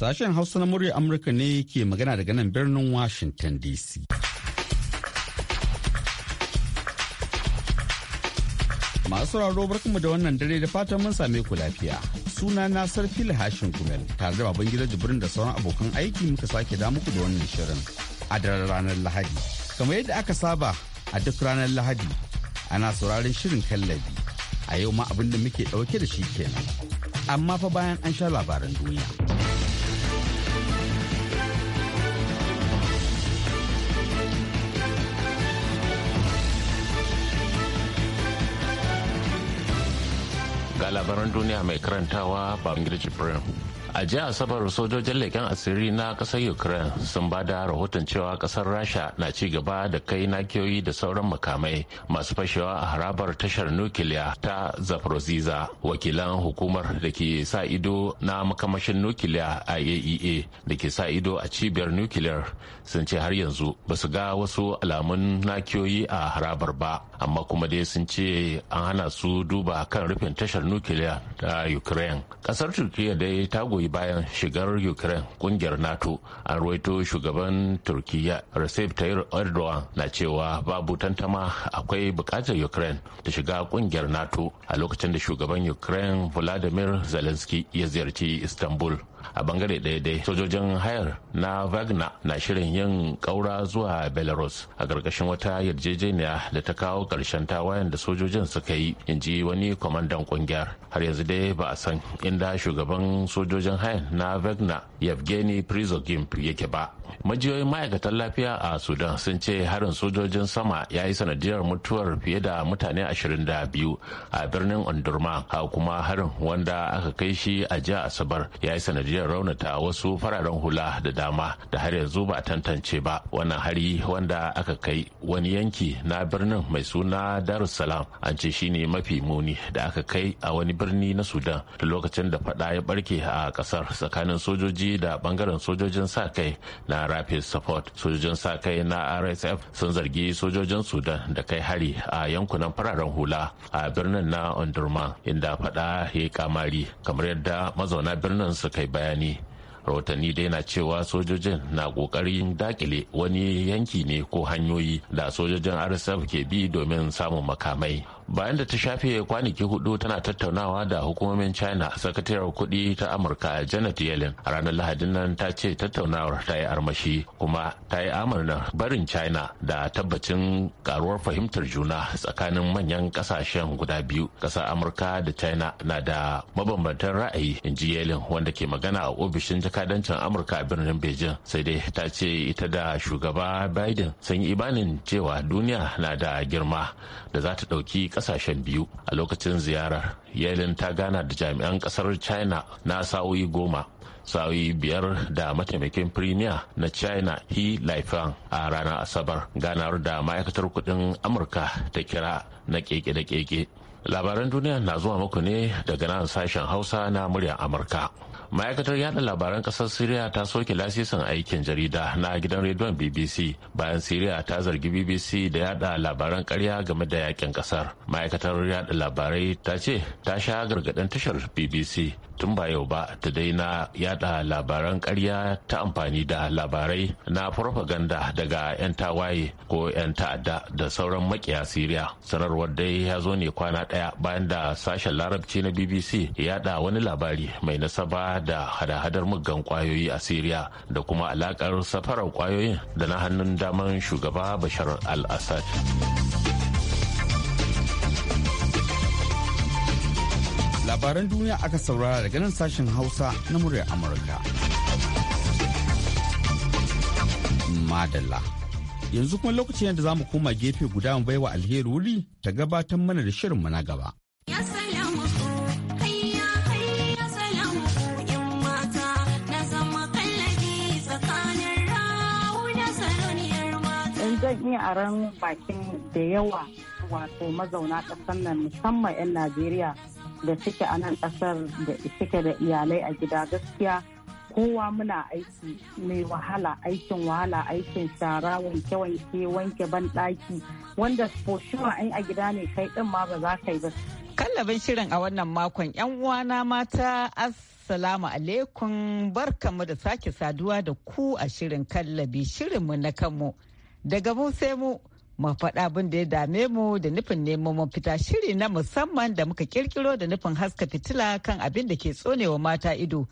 Sashen Hausa na murya Amurka ne ke magana daga nan birnin Washington DC. Masu raro barkanmu da wannan dare da fatan mun same ku lafiya. Suna na Sarfi Hashin Gumel tare da babban gida jibrin da sauran abokan aiki muka sake da muku da wannan shirin a daren ranar Lahadi. Kamar yadda aka saba a duk ranar Lahadi ana sauraron shirin kallabi. A yau ma abin da muke dauke da shi kenan. Amma fa bayan an sha labaran duniya. labaran duniya mai karantawa babangida jibrin a jiya asabar sojojin leken asiri na ƙasar ukraine sun ba da rahoton cewa ƙasar rasha na ci gaba da kai nakiyoyi da sauran makamai masu fashewa a harabar tashar nukiliya ta zaporozhiza wakilan hukumar da ke sa ido na makamashin nukiliya a iaea e da ke sa ido a cibiyar nukiliyar sun ce har yanzu ba su ga wasu alamun nakiyoyi a harabar ba amma kuma dai sun ce an hana su duba kan rufin tashar nukiliya ta ukraine ƙasar turkiya dai ta kawai bayan shigar ukraine kungiyar nato an ruwaito shugaban turkiya recep tayyip erdogan na cewa babu tantama akwai bukatar ukraine ta shiga kungiyar nato a lokacin da shugaban ukraine vladimir zelensky ya ziyarci istanbul a bangare ɗaya dai sojojin hayar na wagner na shirin yin ƙaura zuwa belarus a ƙarƙashin wata yarjejeniya da ta kawo ƙarshen tawayen da sojojin suka yi in ji wani kwamandan ƙungiyar har yanzu dai ba a san inda shugaban sojojin hayar na wagner yevgeny prizogin yake ba majiyoyin ma'aikatan lafiya a sudan sun ce harin sojojin sama ya yi sanadiyar mutuwar fiye da mutane ashirin da biyu a birnin ondurma kuma harin wanda aka kai shi a jiya asabar ya yi sanadiyar sanadiyar raunata wasu fararen hula da dama da har yanzu ba a tantance ba wannan hari wanda aka kai wani yanki na birnin mai suna darussalam an ce shine mafi muni da aka kai a wani birni na sudan da lokacin da fada ya barke a kasar tsakanin sojoji da bangaren sojojin sa kai na rapid support sojojin sa kai na rsf sun zargi sojojin sudan da kai hari a yankunan fararen hula a birnin na ondurman inda fada ya kamari kamar yadda mazauna birnin su kai bayani rahotanni dai na cewa sojojin na kokarin dakile wani yanki ne ko hanyoyi da sojojin rsf ke bi domin samun makamai bayan da ta shafe kwanaki hudu tana tattaunawa da hukumomin china sakatariyar kuɗi ta amurka janet yellen a ranar lahadin nan ta ce tattaunawar ta yi armashi kuma ta yi amurna barin china da tabbacin karuwar fahimtar juna tsakanin manyan kasashen guda biyu ƙasar amurka da china na da mabambantan ra'ayi in ji yellen wanda ke magana a ofishin jaka jakadancin amurka a birnin beijing sai dai ta ce ita da shugaba biden sun yi imanin cewa duniya na da girma da za ta ɗauki ƙasashen biyu a lokacin ziyarar yalin ta gana da jami'an ƙasar china na sa'o'i goma sa'o'i biyar da mataimakin premier na china he laifang a ranar asabar ganar da ma'aikatar kudin amurka ta kira na keke da keke labaran duniya na zuwa muku ne daga nan sashen hausa na muryar amurka ma'aikatar yada labaran kasar syria ta soke lasisin aikin jarida na gidan rediyon bbc bayan syria ta zargi bbc da yada labaran karya game da yakin kasar ma'aikatar yada labarai ta ce ta sha gargaɗin tashar bbc tun ba yau ba ta daina yada labaran karya ta amfani da labarai na farfaganda daga 'yan tawaye ko 'yan ta'adda da sauran makiya siriya sanarwar dai ya zo ne kwana daya bayan da sashen larabci na bbc yada wani labari mai nasaba da hada-hadar muggan kwayoyi a siriya da kuma alakar safarar kwayoyin da na hannun daman shugaba bashar al-assad labaran duniya aka saurara daga nan sashen hausa na muryar amurka madalla yanzu kuma lokacin da za mu koma gefe guda mu baiwa alheri wuri ta gabatar mana da shirinmu na gaba zan iya aran bakin da yawa wato mazauna ƙasar nan musamman 'yan najeriya da suke a nan kasar da suke da iyalai a gida gaskiya kowa muna aiki mai wahala aikin wahala aikin shara wanke wanke wanke ban daki wanda for sure a gida ne kai din ma ba za ka yi ba kallabin shirin a wannan makon yan uwana mata assalamu alaikum barkamu da sake saduwa da ku a shirin kallabi mu na kanmu daga mu sai mu mu faɗa abin da ya dame mu da nufin neman mafita shiri na musamman da muka kirkiro da nufin haska fitila kan abin da ke tsonewa mata ido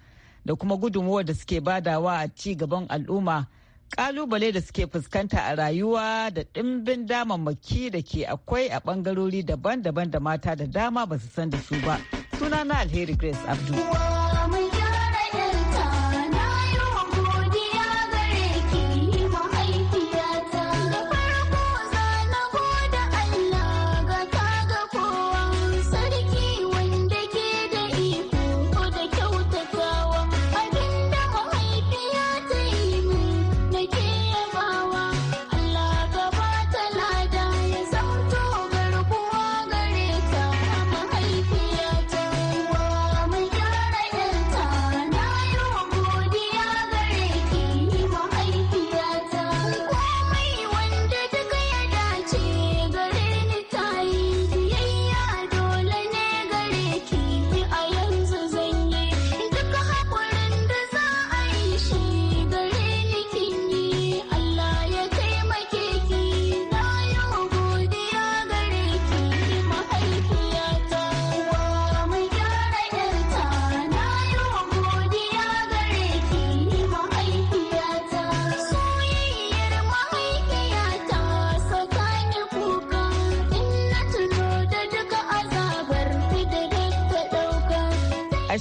da kuma gudunmuwa da suke badawa a ci gaban al'umma kalubale da suke fuskanta a rayuwa da ɗimbin damammaki da ke akwai a bangarori daban-daban da mata da dama ba su san da su ba sunana alheri grace abdu.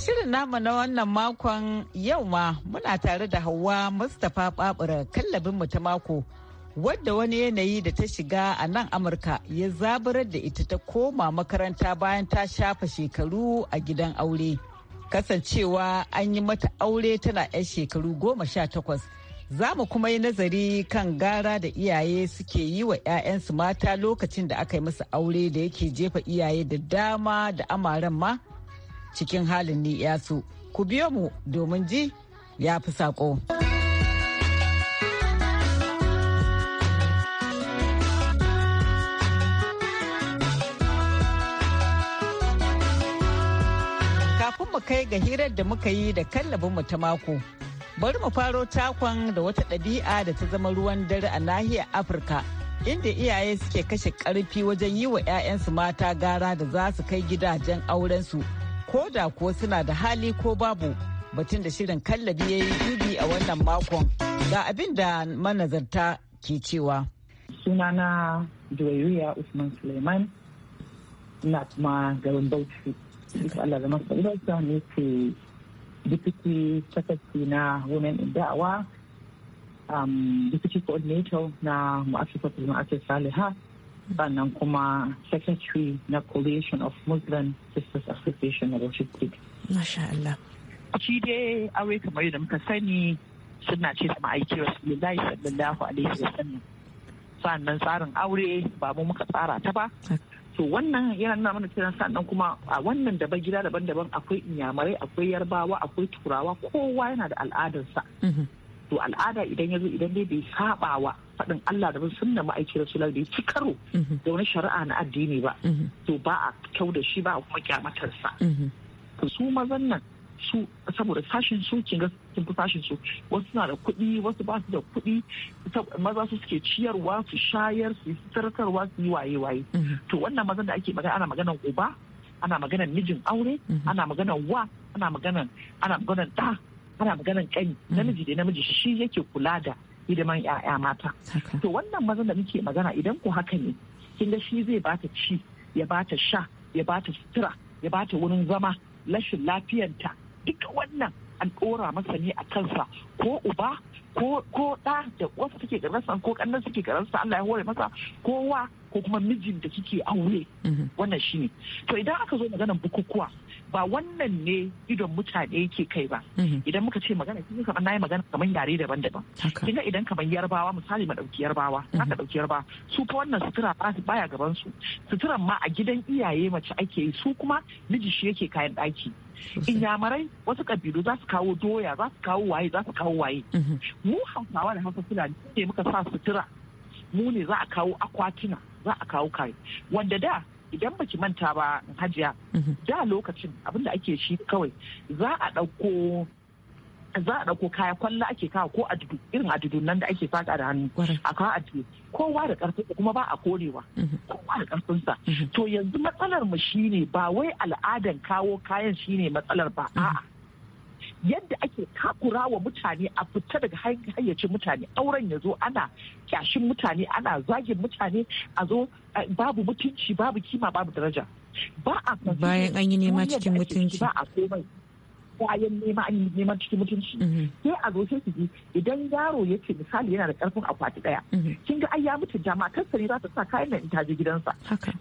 shirin namu na wannan makon yau ma muna tare da Hauwa Mustapha Babura kallabin mu ta mako. Wadda wani yanayi da ta shiga a nan Amurka ya zaburar da ita ta koma makaranta bayan ta shafa shekaru a gidan aure. Kasancewa an yi mata aure tana 'yan shekaru goma sha takwas. za mu kuma yi nazari kan gara da iyaye suke yi wa 'ya'yansu mata lokacin da aka yi musu aure da yake jefa iyaye da dama da amaren ma cikin halin ni yasu ku biyo mu domin ji ya fi saƙo. Kafin mu kai ga hirar da muka yi da mu ta mako. Bari mu faro takon da wata ɗabi'a da ta zama ruwan dare a nahiyar Afirka. Inda iyaye suke kashe ƙarfi wajen yi wa 'ya'yansu mata gara da za su kai gidajen aurensu ko da kuwa suna da hali ko babu batun da shirin kallabi ya yi dubi a wannan makon ga abin da manazarta ke cewa. sunana Joyuriya Usman Suleiman na kuma garin Bauchi. ita Allah da masu ne ke dipiti sakatci na Women in Da'awa, um, dipiti coordinator na Mu'afisa Kulma Saliha, sannan kuma secretary na coalition of muslim sisters association na Worship state masha Allah shi dai aure kamar yadda muka sani suna ce sama aiki rasulullahi sallallahu alaihi wasallam sannan tsarin aure ba mu muka tsara ta ba to wannan yana nuna mana cewa sannan kuma a wannan daban gida daban-daban akwai inyamarai akwai yarbawa akwai turawa kowa yana da al'adarsa mhm. to al'ada idan ya zo idan dai bai saba wa faɗin Allah da bin sunna ma'aikiyar Rasulullahi da ya ci karo mhm. da wani shari'a na addini ba mhm. to ba a kyau da shi ba a kuma kyamatarsa mhm. su mazan nan su saboda sashin su kin ga sun fi sashin su wasu na da kuɗi wasu ba su da kuɗi maza su suke ciyarwa su shayar su sarkarwa su yi waye waye to wannan mazan da ake magana ana magana uba ana magana mijin aure ana magana wa ana magana ana magana da ana maganan kai. namiji da namiji shi yake kula da hidiman 'ya'ya mata to wannan mazan da muke magana idan ku haka ne kin ga shi zai bata ci ya bata sha ya bata sutura ya bata wurin zama lashin lafiyanta duk wannan an ɗora masa ne a kansa ko uba ko ɗa da wasu suke karansa ko ƙannan suke karansa Allah ya hore masa kowa ko kuma mijin da kike aure mhm. wannan shi ne to idan aka zo maganar bukukuwa ba wannan ne idon mutane ke kai ba mhm. idan muka ce magana kin kamar nayi magana kamar yare daban-daban kin ga idan kamar yarbawa misali ma dauki yarbawa mhm. haka dauki yarbawa su fa wannan sutura ba su baya gaban su suturan ma a gidan iyaye mace ake yi su kuma miji shi yake kayan daki inyamarai wasu kabilu za su kawo doya za su kawo waye za su kawo waye mhm. mu hausawa da hausa fulani ne muka sa sutura mu ne za a kawo akwatina za a kawo kai wanda da idan baki manta ba hajiya mhm. da lokacin abinda ake shi kawai za a ɗauko za a ɗauko kaya kwallo ake kawo ko adudu irin adudun nan da ake faɗa da hannu a kawo adudu kowa da ƙarfin kuma ba a korewa mhm. kowa da sa mhm. to yanzu matsalar mu shine ba wai al'adan kawo kayan shine matsalar ba a'a yadda ake takura wa mutane a fita daga hayyacin mutane auren ya zo ana kyashin mutane ana zagin mutane a zo babu mutunci babu kima babu daraja ba a bayan an yi nema cikin mutunci ba a komai kwayan neman neman cikin mutunci mhm. sai a zo sai su ji idan yaro ya ce misali yana da karfin akwati daya mhm. kin ga ai ya mutunta matarsa ne za ta sa kayan nan ta je gidansa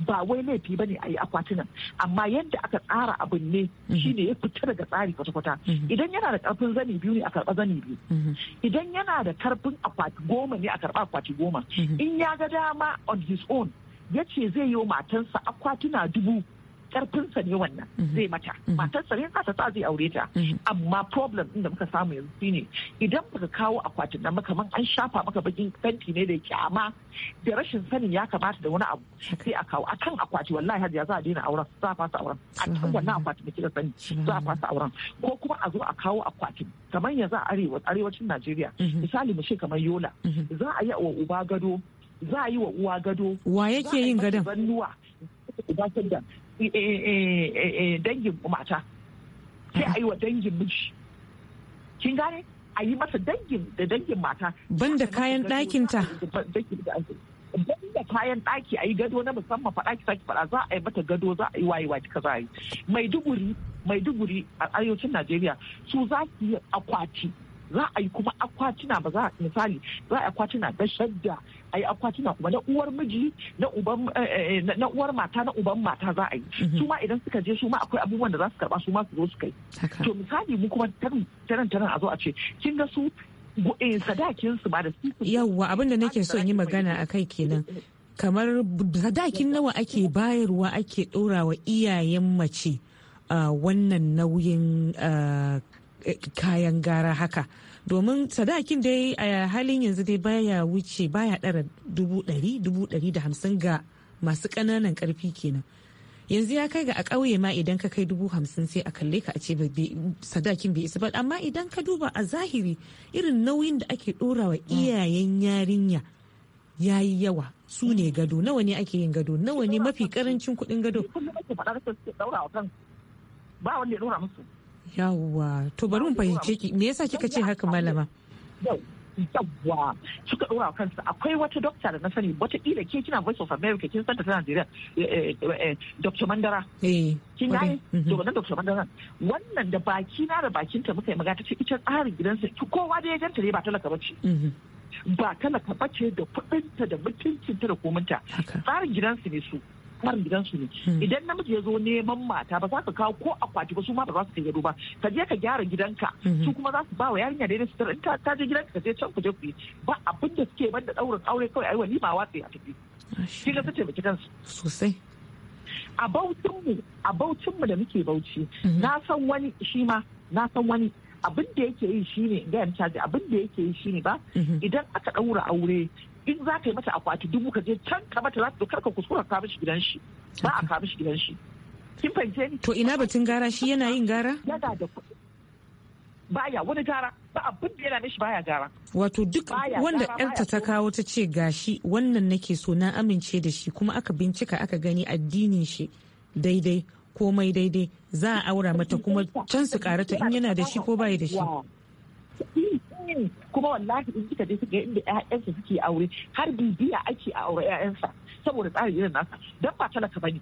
ba wai laifi ne a yi akwatunan amma yadda aka tsara abin ne mhm. shine ya fita daga tsari kwata-kwata idan yana da karfin zani biyu ne a karba zani biyu idan yana da karfin akwati goma ne a karba akwati goma in ya ga dama on his own ya ce zai yi wa matansa akwatuna dubu karfinsa ne wannan mhm. zai mata mhm. matarsa ne za ta sa zai aure ta mhm. amma problem din da muka samu yanzu shine idan baka kawo akwatin nan maka man an shafa maka bakin fenti ne da kyama da rashin sanin ya kamata da wani abu sai a kawo akan akwati wallahi hajiya za a daina auren za a fasa auren a cikin wannan akwati da kika sani za a fasa auren ko kuma a zo a kawo akwatin kamar yanzu a arewacin Najeriya misali mu ce kamar Yola za a yi wa uba gado za a yi wa uwa gado wa yake yin gadon Eh, eh, eh, dangin mata sai a yi wa dangin miji kin gane a yi masa dangin da dangin mata Ban da kayan ɗakinta da kayan ɗaki a yi gado na musamman faɗa ki saki faɗa za a yi mata gado za a yi wayewa kika za a yi maiduguri maiduguri a arewacin najeriya su za su yi akwati za a yi kuma akwatina ba za a misali za a yi akwatina da shadda a yi akwatina kuma na uwar miji eh, eh, eh, na uwar mata na uban mata za a yi mhm. su ma idan suka je su ma akwai abubuwan da za su karba su ma su zo su kai to misali mu kuma tarin tarin a zo a ce kin ga su sadakin su ba da su yawwa abin da nake son yi magana a kai kenan kamar sadakin nawa ake bayarwa ake ɗorawa iyayen mace ah, wannan nauyin ah, Eh, kayan gara haka domin sadakin da yi a halin yanzu dai baya wuce baya ɗara dubu ɗari dubu ɗari da hamsin ga masu ƙananan ƙarfi kenan yanzu ya kai ga a ƙauye ma idan ka kai dubu hamsin sai a kalle ka a ce sadakin bai isa ba amma idan ka duba a zahiri irin nauyin da ake ɗorawa mm. iyayen yarinya ya yi yawa su ne gado nawa ne ake yin gado nawa ne mafi karancin kuɗin gado ba wanda ya ɗora musu yawwa to bari mu fahimce ki me yasa kika ce haka malama yawwa suka dora kansu akwai wata dokta da na sani wata watakila ke kina voice of america kin san ta nigeria eh, eh, eh, dr mandara kin gane mhm. to wannan dr mandara wannan da baki na da bakin ta muka yi magana tace ita tsarin gidansa kowa da ya ganta ne ba talaka bace mhm. ba talaka bace da kuɗinta da mutuncinta da kominta tsarin gidansu ne su gidan gidansu ne hmm. idan namiji ya zo neman mata ba za ka kawo ko akwati ba su ma ba za su kai gado ba ka je ka gyara gidanka hmm. su kuma za su ba wa yarinya daidai su in ta je gidanka ka je can ku je ku yi ba abin da suke banda daurin aure kawai ai wani ba watsi a tafi shi ga su taimaki kansu sosai a bautinmu a bautinmu da muke bauchi hmm. na san wani shi ma na san wani abin da yake yi shine ga yanta abin da yake yi shine ba idan aka daura aure in za ka yi mata akwati dubu ka je can ka mata za ka kuskura ka mishi gidan shi ba a ka mishi gidan shi kin fahimce ni to ina batun gara shi yana yin gara yana da baya wani gara ba abin da yana mishi baya gara wato duk wanda yarta ta kawo ta ce gashi wannan nake so na amince da shi kuma aka bincika aka gani addinin shi daidai komai daidai za a aura mata kuma can su karata in yana da shi ko bai da shi ne kuma wallahi in kika je kika inda ƴaƴansa suke aure har bibiya ake a aure ƴaƴansa saboda tsarin irin nasa dan ba talaka bane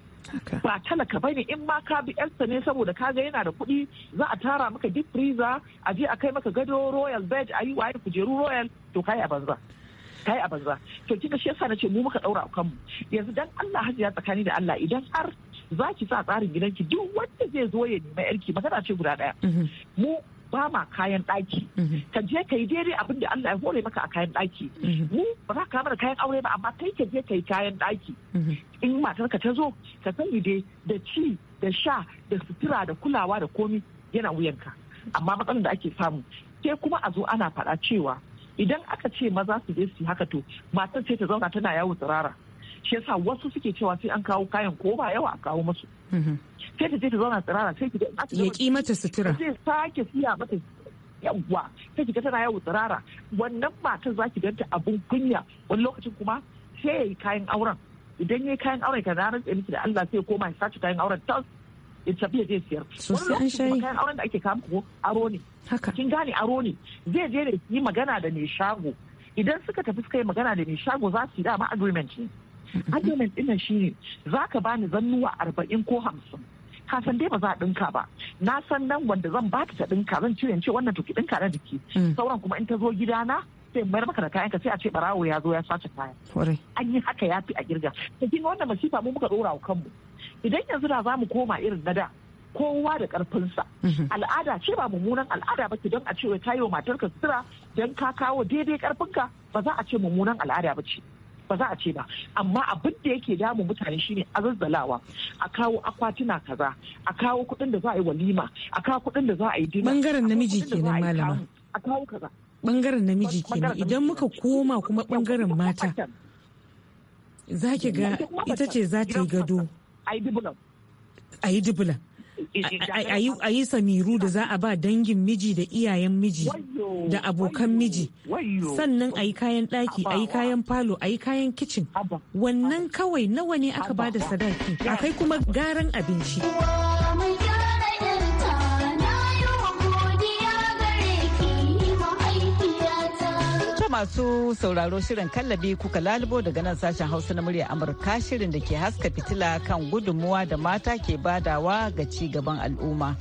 ba talaka bane in ma ka bi ƴansa ne saboda ka ga yana da kuɗi za a tara maka deep freezer a je a kai maka gado royal bed a yi waye kujeru royal to kai a banza kai a banza to kika shi yasa nace mu muka daura kanmu yanzu dan Allah hajiya tsakani da Allah idan har za ki sa tsarin gidanki duk wanda zai zo ya nemi yarki magana ce guda ɗaya. Mhm. mu ba ma kayan ɗaki mhm. ka je ka yi daidai abin da Allah ya hore maka a kayan ɗaki mhm. mu ba za ka mana kayan aure ba amma kai ka je ka yi kayan ɗaki mhm. in matar ka ta zo ka sani dai da ci da sha da sutura da kulawa da komi yana wuyanka amma matsalar da ake samu sai kuma a zo ana faɗa cewa idan aka ce maza su je su haka to matar ce ta zauna tana yawo tsirara shi yasa wasu suke cewa sai an kawo kayan ko ba yawa a kawo masu mhm. sai ta je ta zauna tsirara sai ki ya ki mata sutura sai sake siya mata yawa sai ki ga tana yawo tsirara wannan za zaki ganta abun kunya wani lokacin kuma sai ya yi kayan auren idan ya yi kayan auren ka na rantsa miki da Allah sai ya koma ya sace kayan auren tas ya tafi ya je siyar wani lokacin kuma kayan auren da ake kawo ko aro ne kin gane aro ne zai je da yi magana da mai shago idan suka tafi suka yi magana da mai shago za su yi dama agreement ne argument shi shine za ka bani zannuwa arba'in ko hamsin ka san dai ba za a dinka ba na san nan wanda zan ba ta ɗinka zan cire ce wannan to ki na jiki mm. sauran kuma in ta zo gidana sai mayar maka da kayan ka sai a ce barawo ya zo ya sace kaya an yi haka ya fi a girga ta kin wannan masifa mu muka ɗora wa kanmu idan yanzu da za mu koma irin na da kowa da karfinsa mm-hmm. al'ada ce ba mummunan al'ada ba ce don a ce ta yi wa matarka sutura don ka kawo daidai karfinka ba za a ce mummunan al'ada ba ce ba za a ce ba amma abin da yake damu mutane shine azazzalawa a kawo akwatuna kaza a kawo kuɗin da za a yi walima a kawo kuɗin da za a yi dina bangaren namiji kenan malama a kawo kaza bangaren namiji kenan idan muka koma kuma bangaren mata za ki ga ita ce za ta yi gado a yi dubula a yi samiru da za a ba dangin miji da iyayen miji da abokan miji sannan a yi kayan ɗaki a yi kayan falo a yi kayan kicin wannan kawai nawa ne aka ba da sadaki akai kuma garan abinci. masu sauraro shirin kallabi kuka lalubo daga nan sashen hausa na murya amurka shirin da ke haska fitila kan gudunmuwa da mata ke badawa ga ci gaban al'umma.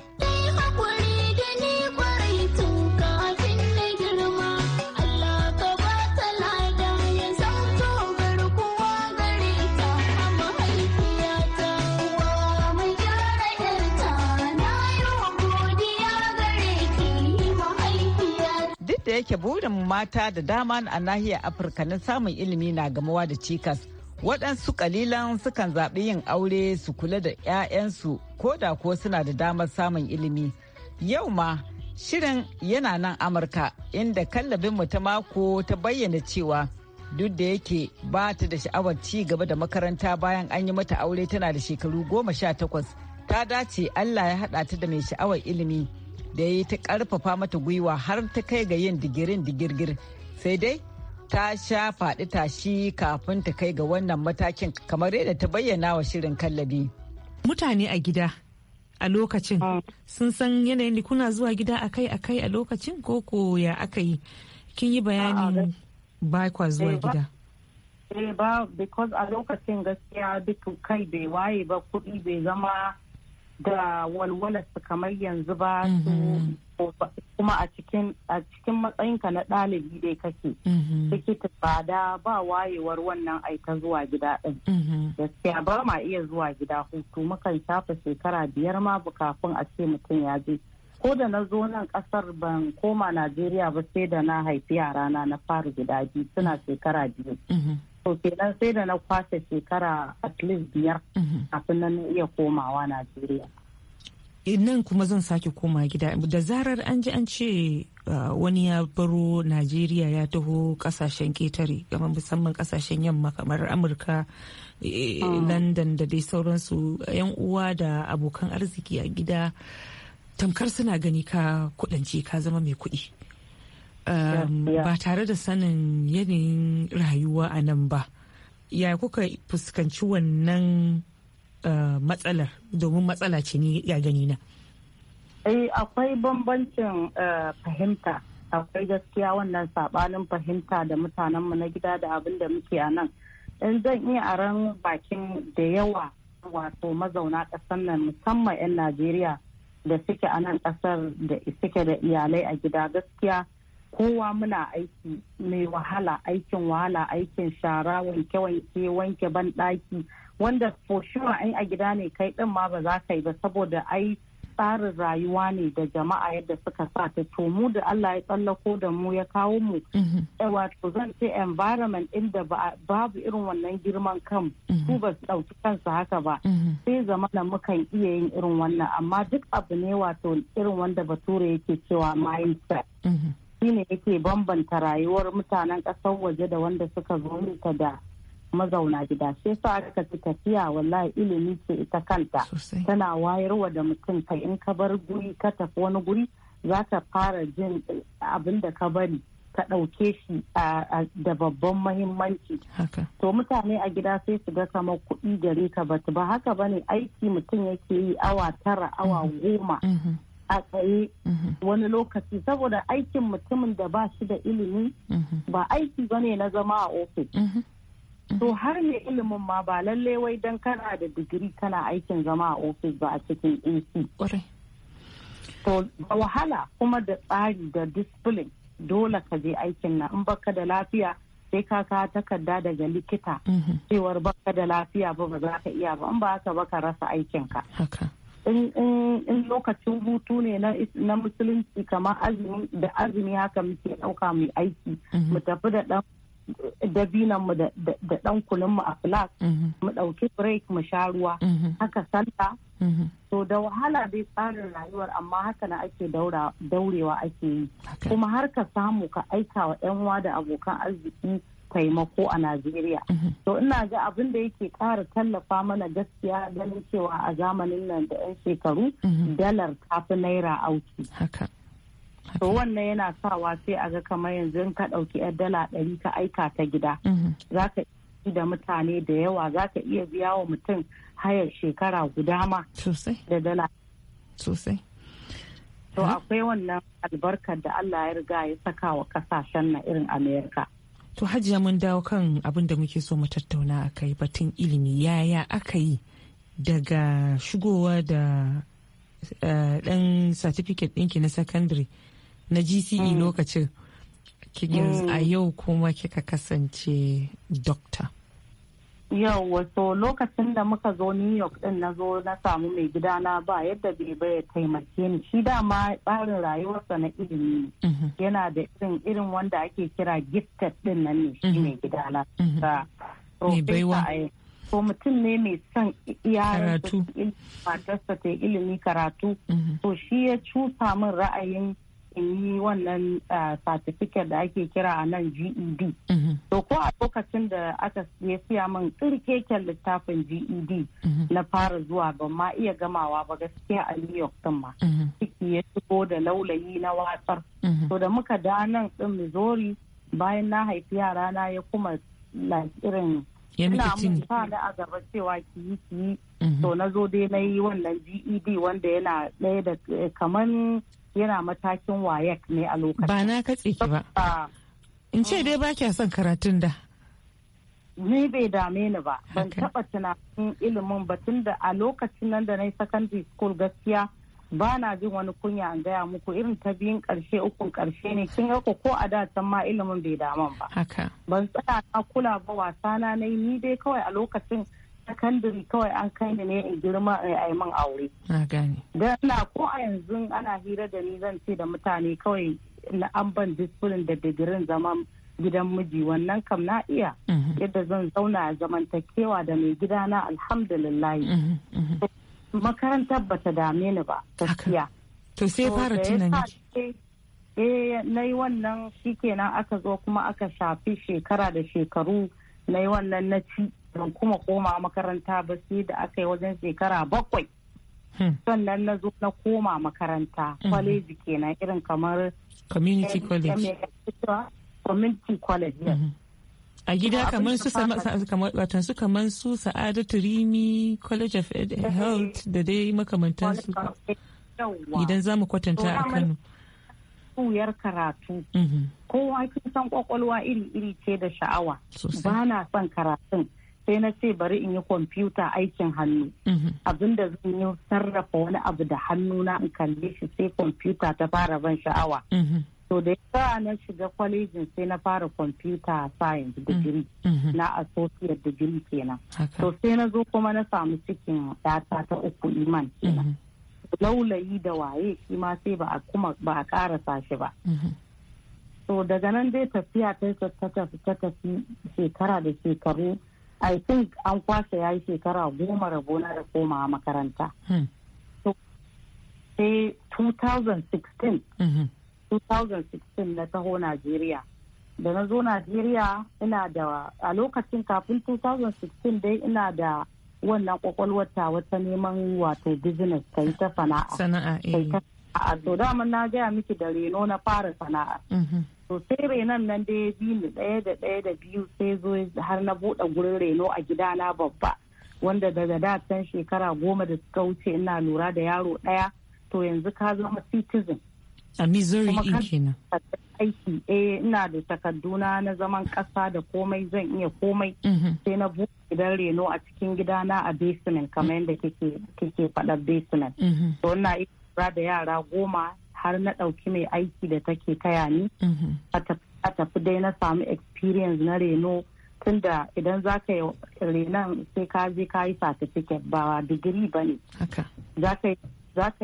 da yake burin mata da dama a nahiyar Afirka na samun ilimi na gamawa da cikas. Waɗansu kalilan sukan zaɓi yin aure su kula da 'ya'yansu ko da kuwa suna da damar samun ilimi. Yau ma shirin yana nan Amurka inda kallabin mu ta mako ta bayyana cewa duk da yake ba ta da sha'awar ci gaba da makaranta bayan an yi mata aure tana da shekaru goma sha takwas ta dace Allah ya haɗa ta da mai sha'awar ilimi. da ya yi ta karfafa mata gwiwa har ta kai ga yin digirin digirgir sai dai ta sha faɗi tashi kafin ta kai ga wannan matakin kamar yadda ta bayyana wa shirin kallabi. Mutane a gida a lokacin ah. sun san yanayin da kuna zuwa gida akai-akai a lokacin ko ko ya aka yi kin yi bayanin ah, ba kwa zuwa eh, gida. Eh, ba because a lokacin gaskiya duk kai bai waye ba kuɗi bai zama da walwalarsu kamar yanzu ba su mm-hmm. kuma a cikin matsayinka na ɗalibi dai kake tikiti mm-hmm. ba ba wayewar wannan aika zuwa gida ɗin mm-hmm. gaskiya ba ma iya zuwa gida hutu mukan shafa shekara biyar ma kafin a ce mutum ya je ko da na zo nan kasar ban koma najeriya ba sai da na haifi yarana na fara gida biyu suna shekara biyu ke nan sai da na kwashe shekara at least biyar mhm. kafin nan iya komawa najeriya eh, nan kuma zan sake koma gida da zarar an ji an ce ah, wani ya baro najeriya ya taho kasashen ketare kamar musamman kasashen yamma kamar amurka eh, ah. london da dai sauransu yan uwa da abokan arziki a gida tamkar suna gani ka kudance ka zama mai kuɗi. ba tare da sanin yanayin rayuwa a nan ba ya kuka fuskanci wannan eh, matsalar domin matsala ce ne ya gani na eh, akwai bambancin eh, fahimta akwai gaskiya wannan sabanin fahimta da mutanenmu na gida da abin da muke a nan in zan iya aran bakin da yawa wato mazauna ƙasar nan musamman 'yan najeriya da suke a nan ƙasar da suke da iyalai a gida gaskiya kowa muna aiki mai wahala aikin wahala aikin shara wanke wanke wanke ban wanda for sure in a gida ne kai din ma ba za ka yi ba saboda ai tsarin rayuwa ne da jama'a yadda suka sa ta to mu da Allah ya tsallako da mu ya kawo mu mm-hmm. eh, wato zan ce environment inda babu irin wannan girman kan mm-hmm. su ba su ɗauki kansu haka ba mm-hmm. sai zamana mukan iya yin irin wannan amma duk abu ne wato irin wanda bature yake cewa mindset ne yake bambanta rayuwar mutanen ƙasar waje da wanda suka zo ta da mazauna gida shi yasa aka fi tafiya wallahi ilimi ce ita kanta tana wayarwa da mutum kai in ka bar guri ka tafi wani guri za ka fara jin abin da ka bari ka ɗauke shi da babban mahimmanci to mutane a gida sai su ga kamar kuɗi gare ka ba ba haka bane aiki mutum yake yi awa tara awa mm-hmm. goma mm-hmm. a tsaye mhm. wani lokaci saboda aikin mutumin da ba shi da ilimi mhm. ba aiki ba na zama a ofis mhm. to har ne ilimin ma ba lalle wai don kana da digiri kana aikin zama a ofis ba a cikin ac to wahala kuma da tsari da discipline dole ka je aikin na in baka da lafiya sai ka ka takarda daga likita cewar baka da lafiya ba ba za ka iya ba in ba ka ba ka rasa aikinka. in lokacin hutu ne na musulunci kamar azumi da azumi haka muke ɗauka mai aiki mhm. mu tafi da ɗan dabinan mu da ɗan kulun mu a flask mhm. mu ɗauki break mu sha ruwa mhm. haka sallah to da wahala dai tsarin rayuwar amma haka na ake daurewa ake yi kuma har ka samu ka aika wa 'yan da abokan arziki taimako a Najeriya. Mhm. To ina ga abin da yake ƙara tallafa mana gaskiya ganin cewa a zamanin nan da 'yan shekaru mhm. dalar tafi naira auki. To wannan yana sawa sai a ga kamar yanzu in ka ɗauki 'yar dala ɗari ka aika ta gida. Mhm. Za ka da mutane da yawa za ka iya biya wa mutum hayar shekara guda ma. Da dala. Sosai. To akwai wannan albarkar da Allah ya riga ya saka wa ƙasashen na irin Amerika. To hajiya mun dawo kan abin da muke so mu tattauna a kai batun ilimi yaya aka yi daga shigowa da eh, ɗan certificate ɗinki na secondary na GCE mm. lokacin mm. a yau kuma kika kasance doctor. yau so lokacin da muka zo new york din na zo na samu mai gidana ba yadda bai bai taimake ni shi dama tsarin rayuwarsa na ilimi mhm. yana da irin irin wanda ake kira gifted din nan ne shi mhm. Mhm. mai gidana so mutum ne mai son yaran matarsa ta ilimi karatu so shi ya cusa min ra'ayin yi wannan certificate da ake kira a nan GED. Mhm. To ko a lokacin da aka ya siya min tsirkeken littafin GED mhm. na fara zuwa ba ma iya gamawa ba gaskiya a New York din ma. Mhm. Ciki ya shigo da laulayi na watsar. To da muka da nan din Missouri bayan na haifi yara na ya kuma irin ina mun fada a gaba cewa kiyi kiyi to na zo dai na yi wannan GED wanda yana ɗaya da eh, kamar. yana matakin wayek ne a lokacin ba na katse ki ba in ce dai ba kya son karatun da ni bai dame ni ba ban taba tunanin ilimin ba tun da a lokacin nan da na yi secondary school gaskiya ba na jin wani kunya an gaya muku irin ta biyun karshe ukun karshe ne kin ga ko a da can ma ilimin bai daman ba ban tsaya na kula ba wasa na yi ni dai kawai a lokacin secondary kawai an kai ni ne in girma eh, a yi min aure. Don ko a yanzu ana hira da ni zan ce da mutane kawai na an ban disiplin da digirin zaman gidan miji wannan kam na iya mhm. yadda zan zauna a zamantakewa da mai gidana alhamdulillah mhm, mhm, makarantar bata dame ni ba gaskiya to sai fara tunani eh na yi wannan shikenan aka zo kuma aka shafi shekara da shekaru na yi wannan na ci ban kuma koma makaranta ba sai da aka yi wajen shekara bakwai hmm. sannan na zo na koma makaranta hmm. kwaleji kenan irin kamar community college community college hmm. a gida kamar su watan su kamar su sa'adatu rimi college of eh, health da dai makamantan su idan za mu kwatanta a kano kuyar karatu kowa kin san kwakwalwa iri iri ce da sha'awa ba na son karatun sai na ce bari in yi kwamfuta aikin hannu mhm. abinda zan yi sarrafa wani abu da hannu na in kalle shi sai kwamfuta ta fara ban sha'awa mhm. to da yasa na shiga kwalejin sai na fara kwamfuta science digiri mhm. na associate digiri kenan to sai na zo kuma na samu cikin data ta uku iman kenan laulayi da waye shi ma sai ba a kuma ba karasa shi ba to daga nan dai tafiya ta tafi shekara da shekaru i think an kwasa ya yi shekara goma na da a makaranta hmm. sai 2016 2016 mm-hmm. na taho najeriya da na zo najeriya ina da a lokacin kafin 2016 dai ina da wannan kwakwalwar ta wata neman wato business ta yi ta sana'a sana'a eh to dama na gaya miki da reno na fara sana'a mm-hmm. to sai renon nan da ya bi ni ɗaya da ɗaya da biyu sai zo har na buɗe gurin reno a gida na babba wanda daga da can shekara goma da suka wuce ina lura da yaro ɗaya to yanzu ka zama citizen a missouri in kenan aiki eh ina da takarduna na zaman ƙasa da komai zan iya komai mhm. sai na buɗe gidan reno a cikin gida na a basement kamar yadda kike faɗa basement mhm. to ina iya lura da yara goma har na ɗauki mai aiki da take taya ni mhm. a tafi dai na samu experience na reno tunda idan za ka yi renon sai ka je ka yi certificate ba digiri ba ne za ka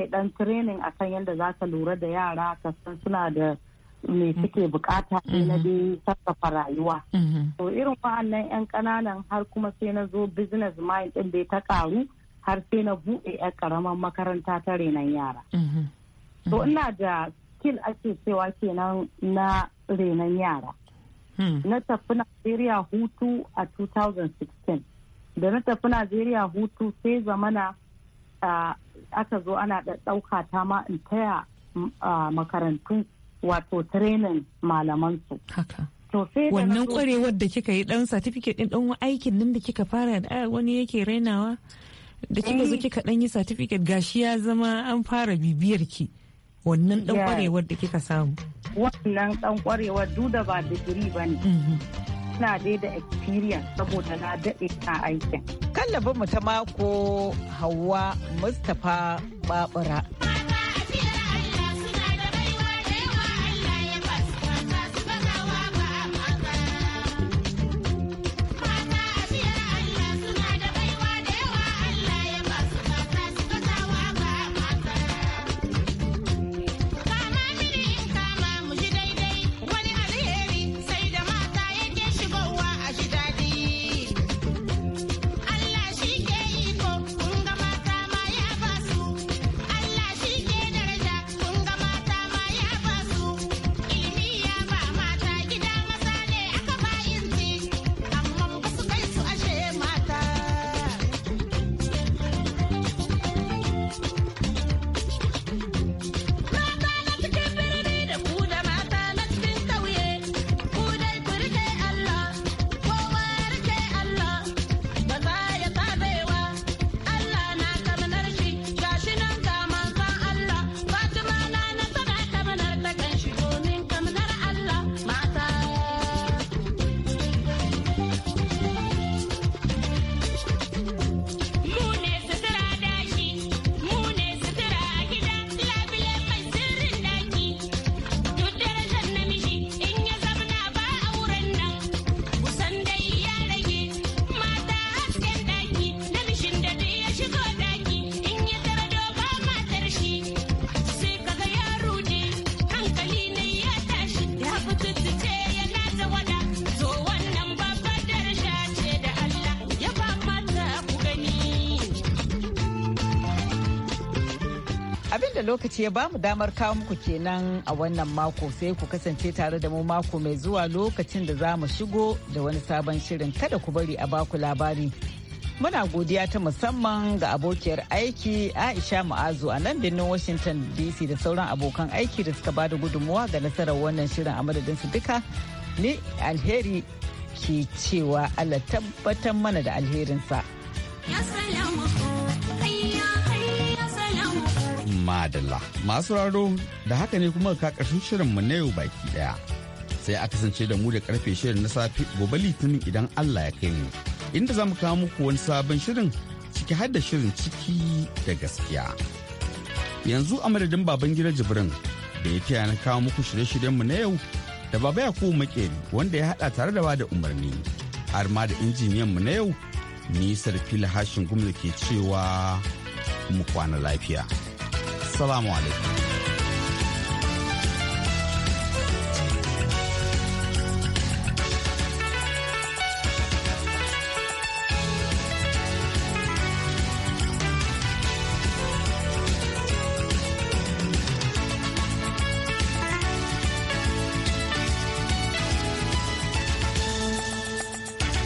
yi dan training akan yadda za ka lura da yara ka san suna da me mm. suke bukata ne na mm-hmm. dai sarrafa rayuwa mm-hmm. to irin wa'annan yan ƙananan har kuma sai na zo business mind din dai ta ƙaru har sai na buɗe yan karaman makaranta ta renon yara mm-hmm. to mhm. ina da skill ake cewa kenan na renon yara hmm. na tafi najeriya hutu a 2016 da na tafi najeriya hutu sai zamana aka zo ana ɗauka ta ma in taya makarantu wato training malamansu. Wannan kwarewar da kika yi dan certificate din dan aikin nan da kika fara da wani yake rainawa da kika zo eh. kika dan yi certificate gashi ya zama an fara bibiyar ki. wannan dan kwarewar da kika samu wannan dan kwarewar duk da ba digiri ba ne mhm. ina dai da experience saboda na daɗe na aikin kallabin mu ta mako hawa mustapha babura da lokaci ya bamu damar kawo muku kenan a wannan mako sai ku kasance tare da mu mako mai zuwa lokacin da za mu shigo da wani sabon shirin kada ku bari a baku labari. Muna godiya ta musamman ga abokiyar aiki Aisha Ma'azu a nan birnin Washington DC da sauran abokan aiki da suka bada gudunmuwa ga nasarar wannan shirin a madadinsu duka. ne alheri ke cewa Allah tabbatar mana da alherinsa. Ya adalla Masu raro da haka ne kuma ka ƙarshen mu na yau baki ɗaya. Sai a kasance da mu da ƙarfe shirin na safe gobe litinin idan Allah ya kai mu. Inda za mu kawo muku wani sabon shirin ciki har da shirin ciki da gaskiya. Yanzu a madadin baban gida Jibrin da ya taya na kawo muku shirye-shiryenmu na yau da baba ya kowa makeri wanda ya haɗa tare da bada umarni. Har ma da injiniyan mu na yau, nisar fila Hashin gumi da ke cewa mu kwana lafiya. Assalamu alaikum.